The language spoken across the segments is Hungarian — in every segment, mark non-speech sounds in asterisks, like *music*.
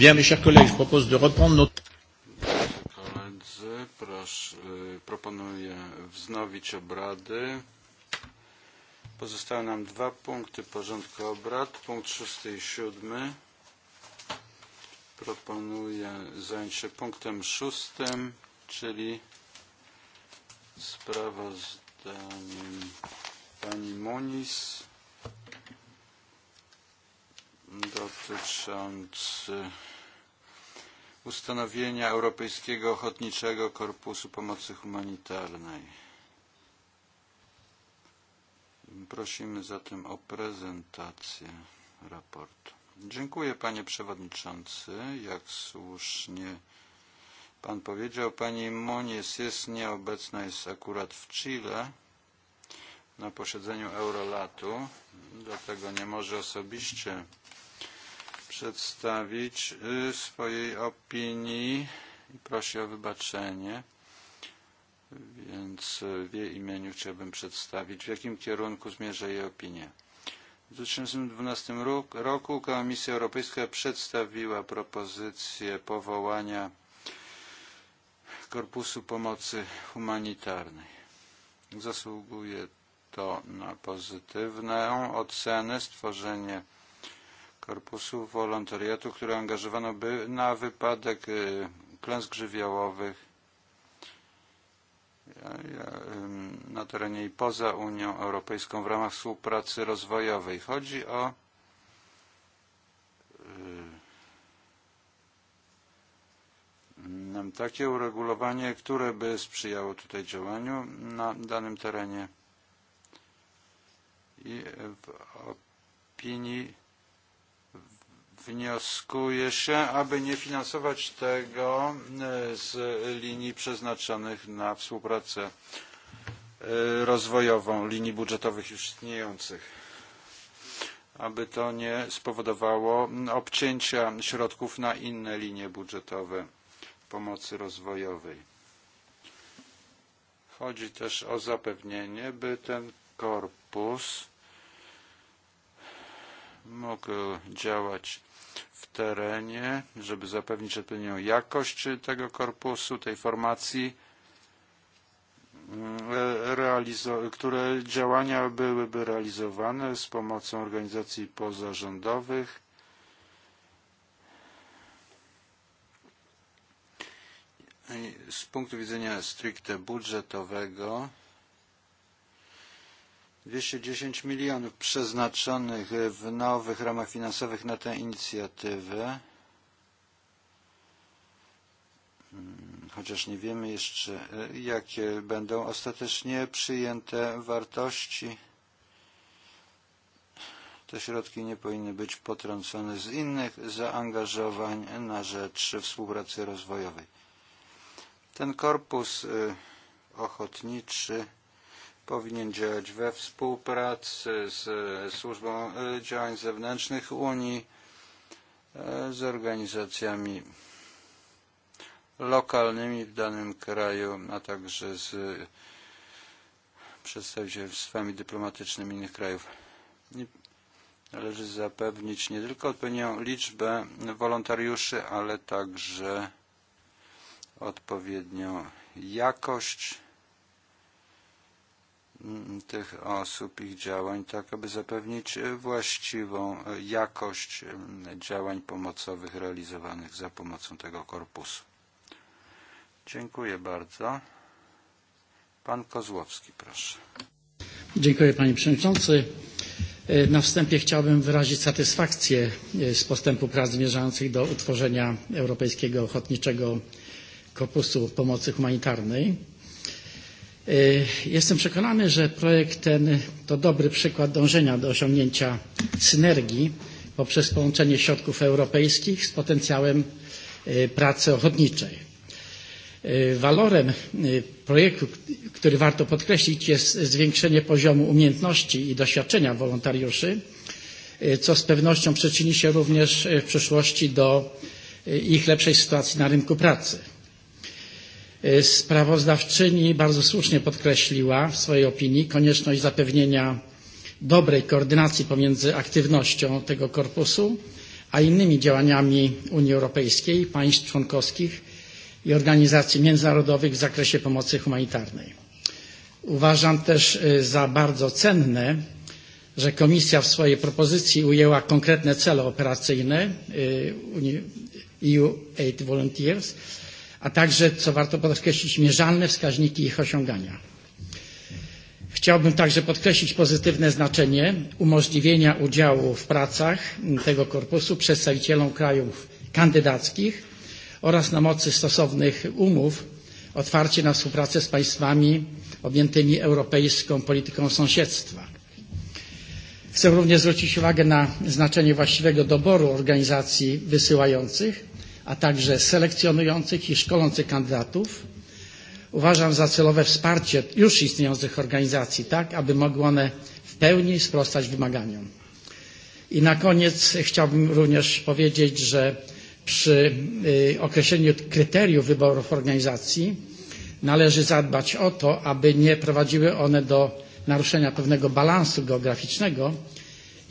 Bien, mes chers collègues, je propose de reprendre notre... proponuję wznowić obrady. Pozostały nam dwa punkty porządku obrad, punkt szósty i siódmy. Proponuję zająć się punktem szóstym, czyli sprawozdaniem pani Moniz dotyczący ustanowienia Europejskiego Ochotniczego Korpusu Pomocy Humanitarnej. Prosimy zatem o prezentację raportu. Dziękuję panie przewodniczący. Jak słusznie pan powiedział, pani Monies jest nieobecna, jest akurat w Chile na posiedzeniu Eurolatu, dlatego nie może osobiście przedstawić swojej opinii i prosi o wybaczenie. Więc w jej imieniu chciałbym przedstawić, w jakim kierunku zmierza jej opinię. W 2012 roku Komisja Europejska przedstawiła propozycję powołania Korpusu Pomocy Humanitarnej. Zasługuje to na pozytywną ocenę, stworzenie korpusu wolontariatu, które angażowano by na wypadek klęsk żywiołowych na terenie i poza Unią Europejską w ramach współpracy rozwojowej. Chodzi o takie uregulowanie, które by sprzyjało tutaj działaniu na danym terenie. I w opinii wnioskuje się, aby nie finansować tego e, z linii przeznaczonych na współpracę e, rozwojową, linii budżetowych już istniejących aby to nie spowodowało obcięcia środków na inne linie budżetowe pomocy rozwojowej. Chodzi też o zapewnienie, by ten korpus mógł działać w terenie, żeby zapewnić odpowiednią jakość tego korpusu, tej formacji, mm, które działania byłyby realizowane z pomocą organizacji pozarządowych. Z punktu widzenia stricte budżetowego 210 milionów przeznaczonych w nowych ramach finansowych na tę inicjatywę, hmm, chociaż nie wiemy jeszcze, e, jakie będą ostatecznie przyjęte wartości. Te środki nie powinny być potrącone z innych zaangażowań na rzecz współpracy rozwojowej. Ten korpus ochotniczy powinien działać we współpracy z Służbą e, Działań Zewnętrznych Unii, e, z organizacjami lokalnymi w danym kraju, a także z przedstawicielstwami dyplomatycznymi innych krajów. I należy zapewnić nie tylko odpowiednią liczbę wolontariuszy, ale także odpowiednią jakość Mm, tych osób, ich działań, tak aby zapewnić właściwą jakość mm, działań pomocowych realizowanych za pomocą tego korpusu. Dziękuję bardzo. Pan Kozłowski, proszę. Dziękuję Panie Przewodniczący. E, na wstępie chciałbym wyrazić satysfakcję e, z postępu prac zmierzających do utworzenia Europejskiego Ochotniczego Korpusu Pomocy Humanitarnej. E, jestem przekonany, że projekt ten to dobry przykład dążenia do osiągnięcia synergii poprzez połączenie środków europejskich z potencjałem e, pracy ochotniczej. E, walorem projektu, który warto podkreślić, jest zwiększenie poziomu umiejętności i doświadczenia wolontariuszy, co z pewnością przyczyni się również w przyszłości do ich lepszej sytuacji na rynku pracy. E, sprawozdawczyni bardzo słusznie podkreśliła w swojej opinii konieczność zapewnienia dobrej koordynacji pomiędzy aktywnością tego korpusu a innymi działaniami Unii Europejskiej, państw członkowskich i organizacji międzynarodowych w zakresie pomocy humanitarnej. Uważam też e, za bardzo cenne, że Komisja w swojej propozycji ujęła konkretne cele operacyjne EU e Aid Volunteers, a także, co warto podkreślić, mierzalne wskaźniki ich osiągania. Chciałbym także podkreślić pozytywne znaczenie umożliwienia udziału w pracach tego korpusu przedstawicielom krajów kandydackich oraz na mocy stosownych umów otwarcie na współpracę z państwami objętymi europejską polityką sąsiedztwa. Chcę również zwrócić uwagę na znaczenie właściwego doboru organizacji wysyłających a także selekcjonujących i szkolących kandydatów. Uważam za celowe wsparcie już istniejących organizacji, tak aby mogły one w pełni sprostać wymaganiom. I na koniec chciałbym również powiedzieć, że przy określeniu kryteriów wyborów organizacji należy zadbać o to, aby nie prowadziły one do naruszenia pewnego balansu geograficznego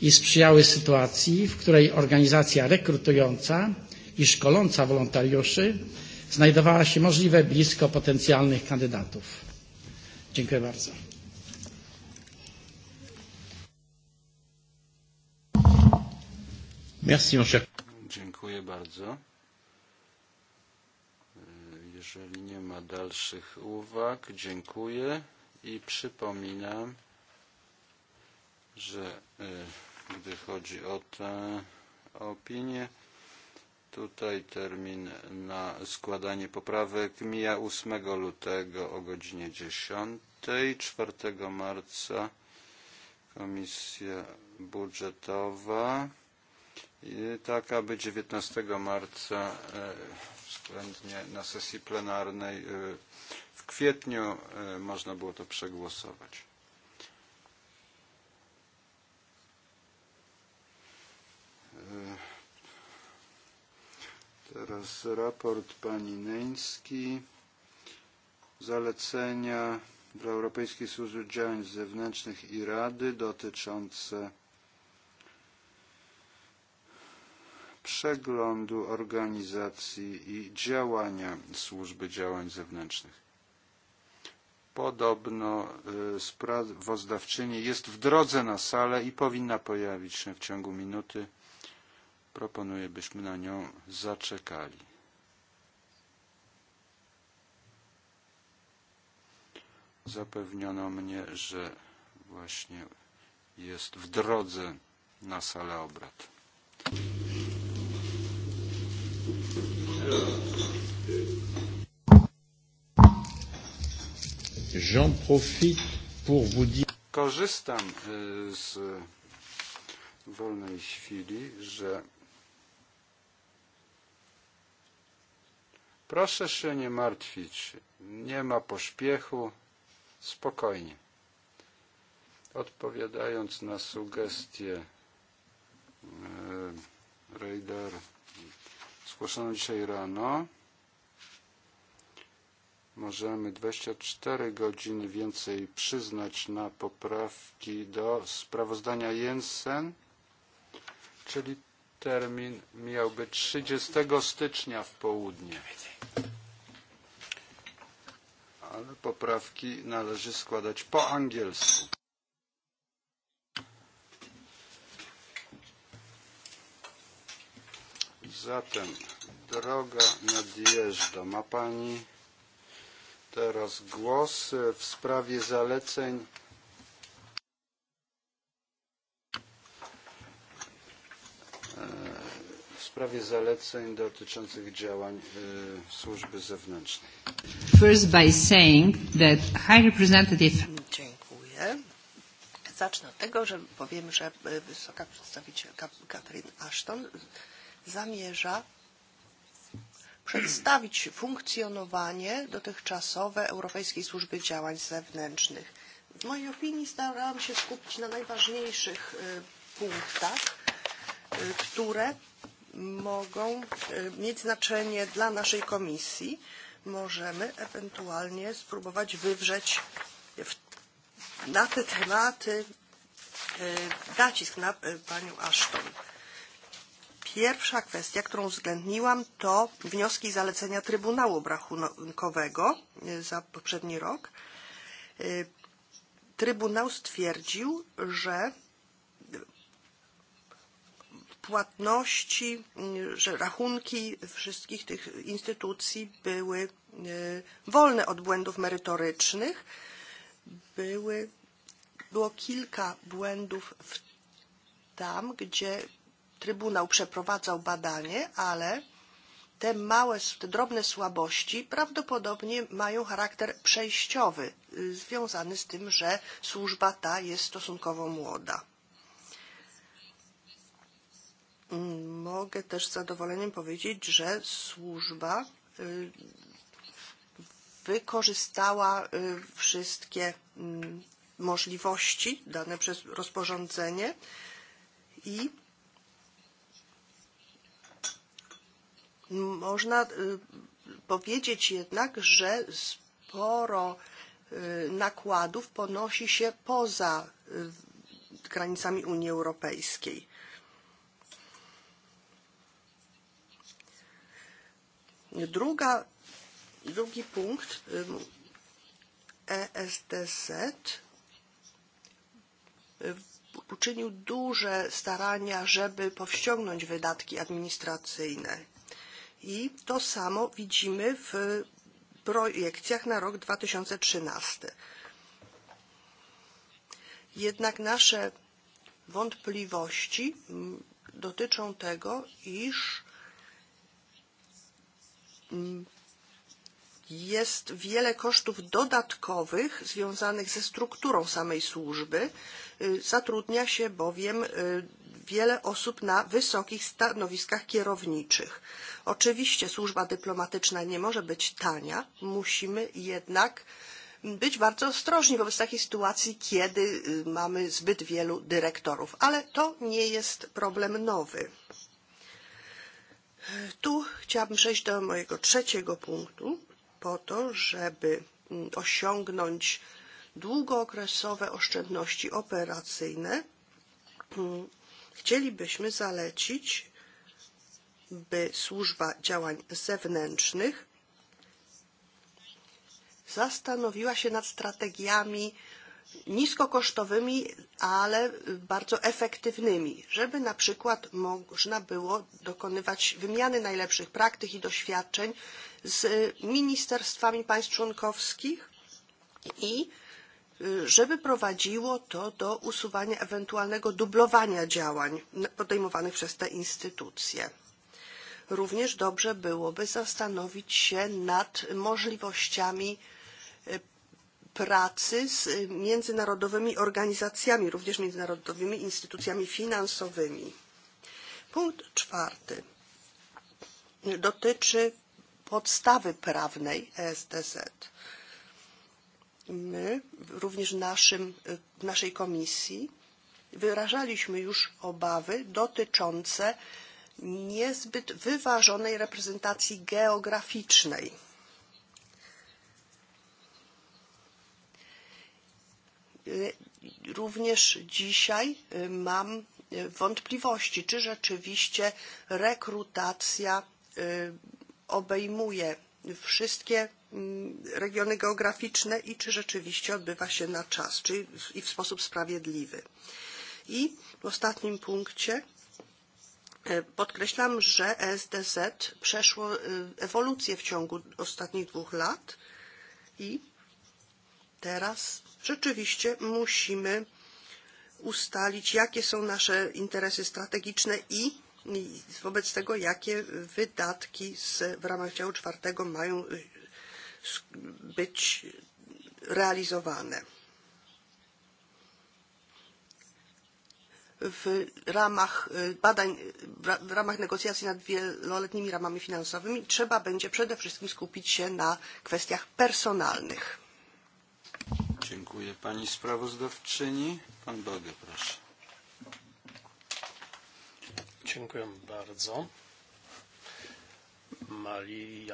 i sprzyjały sytuacji, w której organizacja rekrutująca iż koląca wolontariuszy znajdowała się możliwe blisko potencjalnych kandydatów. Dziękuję bardzo. Merci, mon cher. Dziękuję bardzo. Jeżeli nie ma dalszych uwag, dziękuję i przypominam, że e, gdy chodzi o tę opinię, Tutaj termin na składanie poprawek mija 8 lutego o godzinie 10. 4 marca Komisja Budżetowa I tak aby 19 marca e, względnie na sesji plenarnej e, w kwietniu e, można było to przegłosować. Uh. Teraz raport pani Neński. Zalecenia dla Europejskiej Służby Działań Zewnętrznych i Rady dotyczące przeglądu organizacji i działania Służby Działań Zewnętrznych. Podobno sprawozdawczyni jest w drodze na salę i powinna pojawić się w ciągu minuty. Proponuję, byśmy na nią zaczekali. Zapewniono mnie, że właśnie jest w drodze na salę obrad. J'en profite pour vous dire. Korzystam z wolnej chwili, że Proszę się nie martwić. Nie ma pośpiechu. Spokojnie. Odpowiadając na sugestie e, Raider zgłoszoną dzisiaj rano, możemy 24 godziny więcej przyznać na poprawki do sprawozdania Jensen, czyli termin miał być 30 stycznia w południe. Ale poprawki należy składać po angielsku. Zatem droga nadjeżdża. Ma Pani teraz głos w sprawie zaleceń sprawie zaleceń dotyczących działań y, służby zewnętrznej. First by saying that High Representative... Dziękuję. Zacznę od tego, że powiem, że wysoka przedstawicielka Catherine Ashton zamierza przedstawić funkcjonowanie dotychczasowe Europejskiej Służby Działań Zewnętrznych. W mojej opinii starałam się skupić na najważniejszych punktach, które mogą e, mieć znaczenie dla naszej komisji. Możemy ewentualnie spróbować wywrzeć w, na te tematy e, nacisk na e, panią Ashton. Pierwsza kwestia, którą uwzględniłam, to wnioski i zalecenia Trybunału Obrachunkowego za poprzedni rok. Trybunał stwierdził, że płatności, mm, że rachunki wszystkich tych instytucji były e, wolne od błędów merytorycznych. Były, było kilka błędów w tam, gdzie Trybunał przeprowadzał badanie, ale te małe, te drobne słabości prawdopodobnie mają charakter przejściowy, związany z tym, że służba ta jest stosunkowo młoda. Mogę też z zadowoleniem powiedzieć, że służba wykorzystała wszystkie mm, możliwości dane przez rozporządzenie i można powiedzieć jednak, że sporo nakładów ponosi się poza granicami Unii Europejskiej. Druga, drugi punkt ESTZ uczynił duże starania, żeby powściągnąć wydatki administracyjne. I to samo widzimy w projekcjach na rok 2013. Jednak nasze wątpliwości mm, dotyczą tego, iż Mm, jest wiele kosztów dodatkowych związanych ze strukturą samej służby. Zatrudnia się bowiem wiele osób na wysokich stanowiskach kierowniczych. Oczywiście służba dyplomatyczna nie może być tania, musimy jednak mm, być bardzo ostrożni wobec takiej sytuacji, kiedy mamy zbyt wielu dyrektorów, ale to nie jest problem nowy. Chciałabym przejść do mojego trzeciego punktu, po to, żeby mm, osiągnąć długookresowe oszczędności operacyjne, mm, chcielibyśmy zalecić, by służba działań zewnętrznych zastanowiła się nad strategiami niskokosztowymi, ale bardzo efektywnymi, żeby na przykład można było dokonywać wymiany najlepszych praktyk i doświadczeń z ministerstwami państw członkowskich i żeby prowadziło to do usuwania ewentualnego dublowania działań podejmowanych przez te instytucje. Również dobrze byłoby zastanowić się nad możliwościami pracy z międzynarodowymi organizacjami, również międzynarodowymi instytucjami finansowymi. Punkt czwarty dotyczy podstawy prawnej ESDZ. My, również w, naszym, w naszej komisji, wyrażaliśmy już obawy dotyczące niezbyt wyważonej reprezentacji geograficznej Również dzisiaj mam wątpliwości, czy rzeczywiście rekrutacja obejmuje wszystkie mm, regiony geograficzne i czy rzeczywiście odbywa się na czas czy i w sposób sprawiedliwy. I w ostatnim punkcie podkreślam, że ESDZ przeszło ewolucję w ciągu ostatnich dwóch lat i teraz rzeczywiście musimy ustalić, jakie są nasze interesy strategiczne i wobec tego, jakie wydatki z, w ramach działu czwartego mają być realizowane. W ramach badań, w ramach negocjacji nad wieloletnimi ramami finansowymi trzeba będzie przede wszystkim skupić się na kwestiach personalnych. Dziękuję pani sprawozdawczyni. Pan Bogę, proszę. Dziękuję bardzo. Mali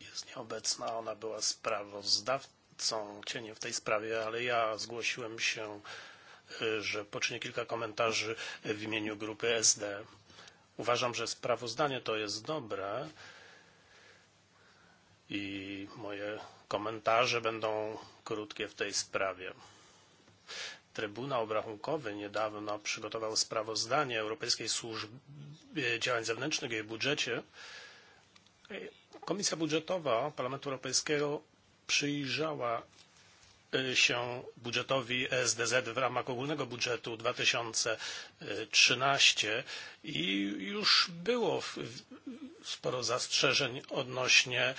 jest nieobecna, ona była sprawozdawcą cienie w tej sprawie, ale ja zgłosiłem się, że poczynię kilka komentarzy w imieniu grupy SD. Uważam, że sprawozdanie to jest dobre i moje Komentarze będą krótkie w tej sprawie. Trybunał Obrachunkowy niedawno przygotował sprawozdanie Europejskiej Służby Działań Zewnętrznych i jej budżecie. Komisja Budżetowa Parlamentu Europejskiego przyjrzała się budżetowi SDZ w ramach ogólnego budżetu 2013 i już było sporo zastrzeżeń odnośnie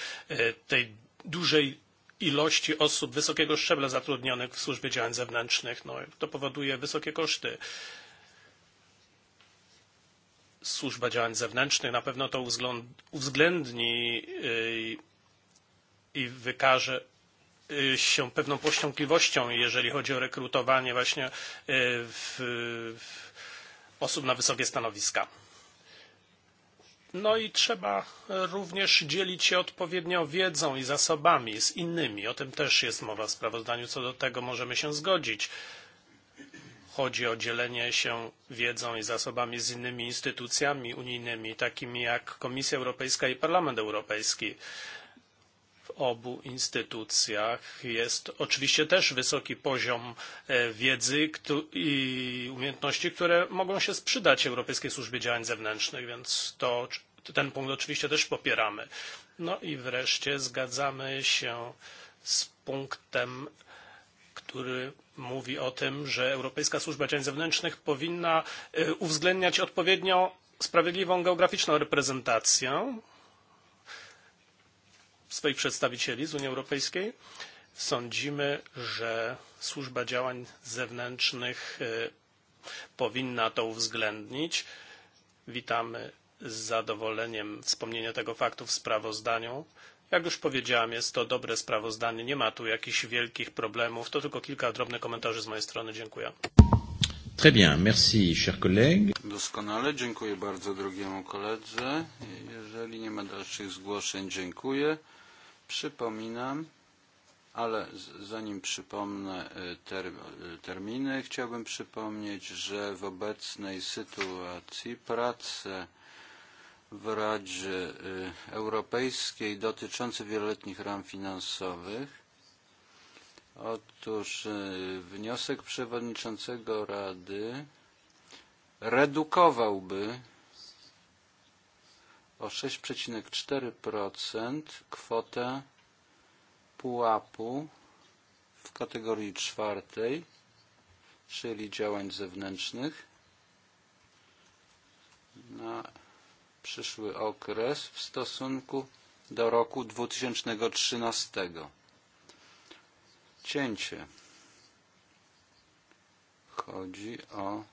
tej dużej ilości osób wysokiego szczebla zatrudnionych w służbie działań zewnętrznych. No, to powoduje wysokie koszty. Służba działań zewnętrznych na pewno to uwzględni i wykaże się pewną pościągliwością, jeżeli chodzi o rekrutowanie właśnie w osób na wysokie stanowiska. No i trzeba e, również dzielić się odpowiednią wiedzą i zasobami z innymi. O tym też jest mowa w sprawozdaniu. Co do tego możemy się zgodzić. Chodzi o dzielenie się wiedzą i zasobami z innymi instytucjami unijnymi, takimi jak Komisja Europejska i Parlament Europejski obu instytucjach jest oczywiście też wysoki poziom e, wiedzy i umiejętności, które mogą się sprzydać Europejskiej Służbie Działań Zewnętrznych, więc to, ten punkt oczywiście też popieramy. No i wreszcie zgadzamy się z punktem, który mówi o tym, że Europejska Służba Działań Zewnętrznych powinna e, uwzględniać odpowiednio sprawiedliwą geograficzną reprezentację swoich przedstawicieli z Unii Europejskiej. Sądzimy, że służba działań zewnętrznych e, powinna to uwzględnić. Witamy z zadowoleniem wspomnienie tego faktu w sprawozdaniu. Jak już powiedziałem, jest to dobre sprawozdanie, nie ma tu jakichś wielkich problemów, to tylko kilka drobnych komentarzy z mojej strony. Dziękuję. Très bien, merci, chers collègues. Doskonale, dziękuję bardzo drugiemu koledze. Jeżeli nie ma dalszych zgłoszeń, dziękuję. Przypominam, ale zanim przypomnę e, ter, e, terminy, chciałbym przypomnieć, że w obecnej sytuacji prace w Radzie e, Europejskiej dotyczące wieloletnich ram finansowych Otóż e, wniosek przewodniczącego Rady redukowałby o 6,4% kwotę pułapu w kategorii czwartej, czyli działań zewnętrznych na przyszły okres w stosunku do roku 2013 cięcie. Chodzi o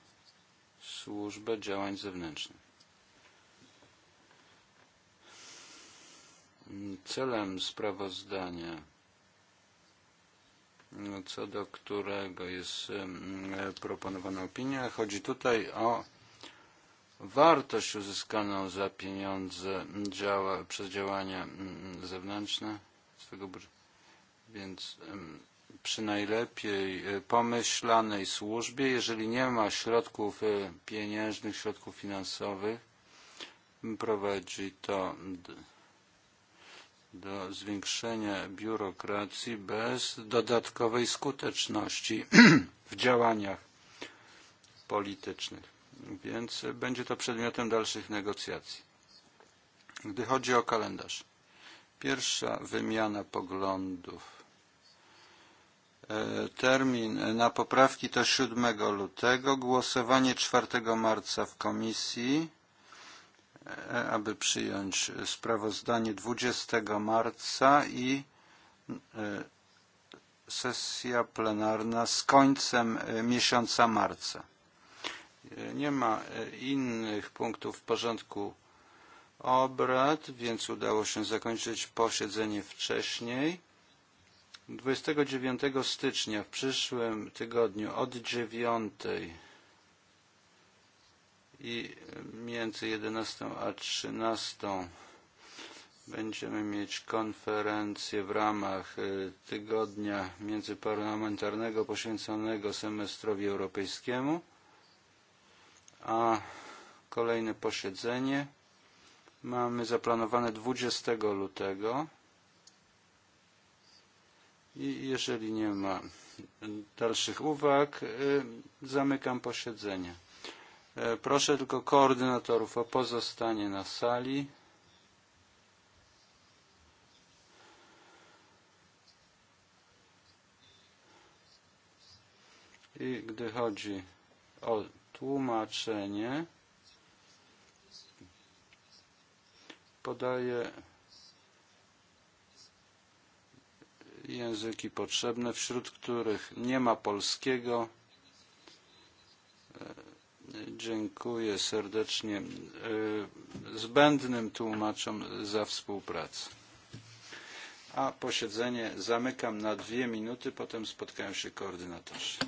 służbę działań zewnętrznych. Celem sprawozdania co do którego jest proponowana opinia. Chodzi tutaj o wartość uzyskaną za pieniądze działa, przez działania mm, zewnętrzne, z tego, więc przy najlepiej e, pomyślanej służbie, jeżeli nie ma środków e, pieniężnych, środków finansowych, prowadzi to do zwiększenia biurokracji bez dodatkowej skuteczności *clears throat* w działaniach politycznych. Więc będzie to przedmiotem dalszych negocjacji. Gdy chodzi o kalendarz, pierwsza wymiana poglądów E, termin e, na poprawki to 7 lutego, głosowanie 4 marca w komisji, e, aby przyjąć sprawozdanie 20 marca i sesja plenarna z końcem miesiąca marca. Nie ma innych punktów w porządku obrad, więc udało się zakończyć posiedzenie wcześniej. 29 stycznia w przyszłym tygodniu od 9 i między 11 a 13 będziemy mieć konferencję w ramach tygodnia międzyparlamentarnego poświęconego semestrowi europejskiemu, a kolejne posiedzenie mamy zaplanowane 20 lutego Jeżeli nie ma dalszych uwag, zamykam posiedzenie. E, proszę tylko koordynatorów o pozostanie na sali. I gdy chodzi o tłumaczenie, podaję języki potrzebne, wśród których nie ma polskiego. E, dziękuję serdecznie e, zbędnym tłumaczom za współpracę. A posiedzenie zamykam na dwie minuty, potem spotkają się koordynatorzy.